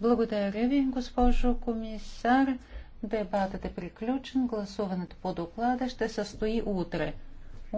Благодаря ви, госпожо комисар. Дебатът е приключен. Гласуването по доклада ще състои утре.